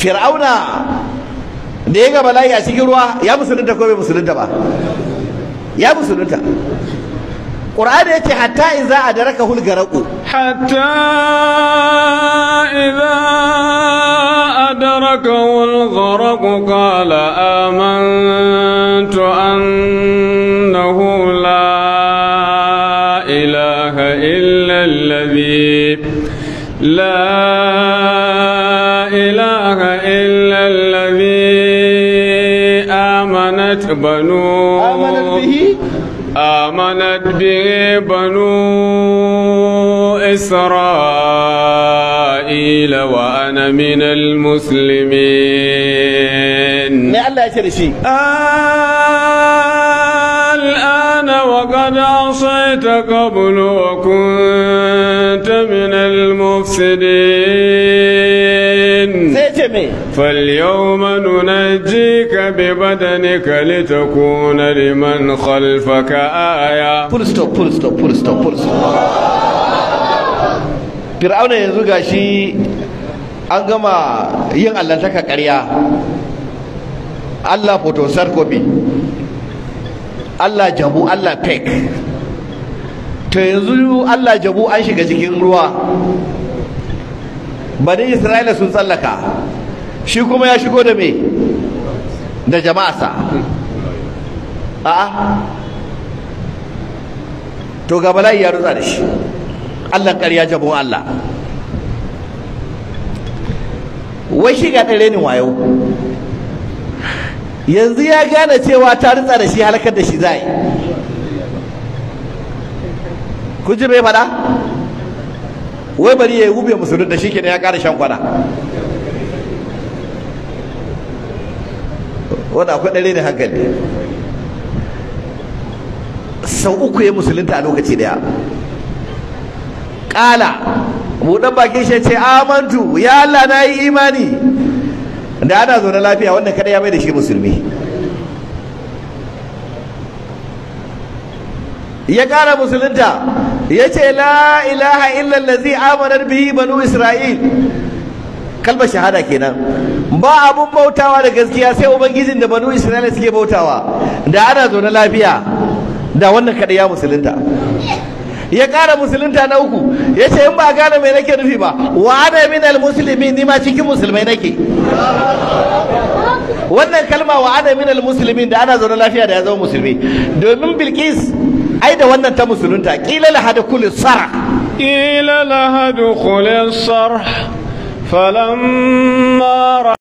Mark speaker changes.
Speaker 1: fir'auna da ya ga bala'i a cikin ruwa ya musulunta ko bai musulunta ba ya musulunta Qur'ani yace hatta in idza adraka hul garaqu hatta idza
Speaker 2: adraka hul garaqu qala amantu annahu la ilaha illa alladhi la ilaha آمنت بنو
Speaker 1: آمنت به
Speaker 2: آمنت به بنو إسرائيل وأنا من المسلمين الآن وقد عصيت قبل وكنت من المفسدين me فاليوم ننجيك ببدنك لتكون لمن خلفك آية full stop full stop full stop full stop
Speaker 1: Fir'auna yanzu gashi an gama yin allantaka ƙarya Allah photosarcopy Allah jabu Allah pek to yanzu Allah jabu an shiga cikin ruwa bani Isra'ila sun tsallaka shi kuma ya shigo da me da jama'asa a'a to ga bala'i ya ruza da shi Allah ƙarya jabon Allah wai shi ga ɗare ni wayo yanzu ya gane cewa ta ritsa da shi halakar da shi za yi kun ji bai faɗa wai bari ya yi wube musulun da shi da ya ƙara shan kwana wanda akwai ɗare da hankali sau uku ya musulunta a lokaci daya ƙala buɗan bakin shi ce amantu ya Allah na yi imani da ana zaune lafiya wanda kada ya mai da shi musulmi ya ƙara musulunta ya ce la ilaha zai amanar bihi banu isra'il kalmar shahada kenan ba abun bautawa da gaskiya sai ubangijin da banu isra'ila suke bautawa da ana zaune lafiya da wannan kada ya musulunta ya ƙara musulunta na uku ya ce in ba gane mai nake nufi ba wa ana min almuslimi ni ma cikin musulmai nake wannan kalma wa ana min almuslimi da ana zaune lafiya da ya zama musulmi domin bilkis ai da wannan ta musulunta kila lahada kullu sarh kila lahada kullu sarh mara.